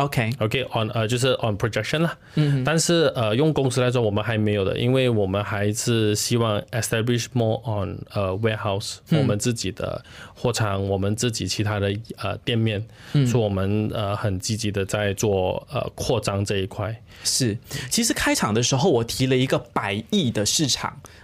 OK，OK Okay.、okay, on，呃，就是 on projection 啦。嗯哼。但是，呃，用公司來說，我們還沒有的，因為我們還是希望 establish more on，呃，warehouse，、嗯、我們自己的貨場，我們自己其他的，呃，店面，嗯、所以我們，呃，很積極的在做，呃，擴張這一塊。是，其實開場的時候我提了一個百億的市場。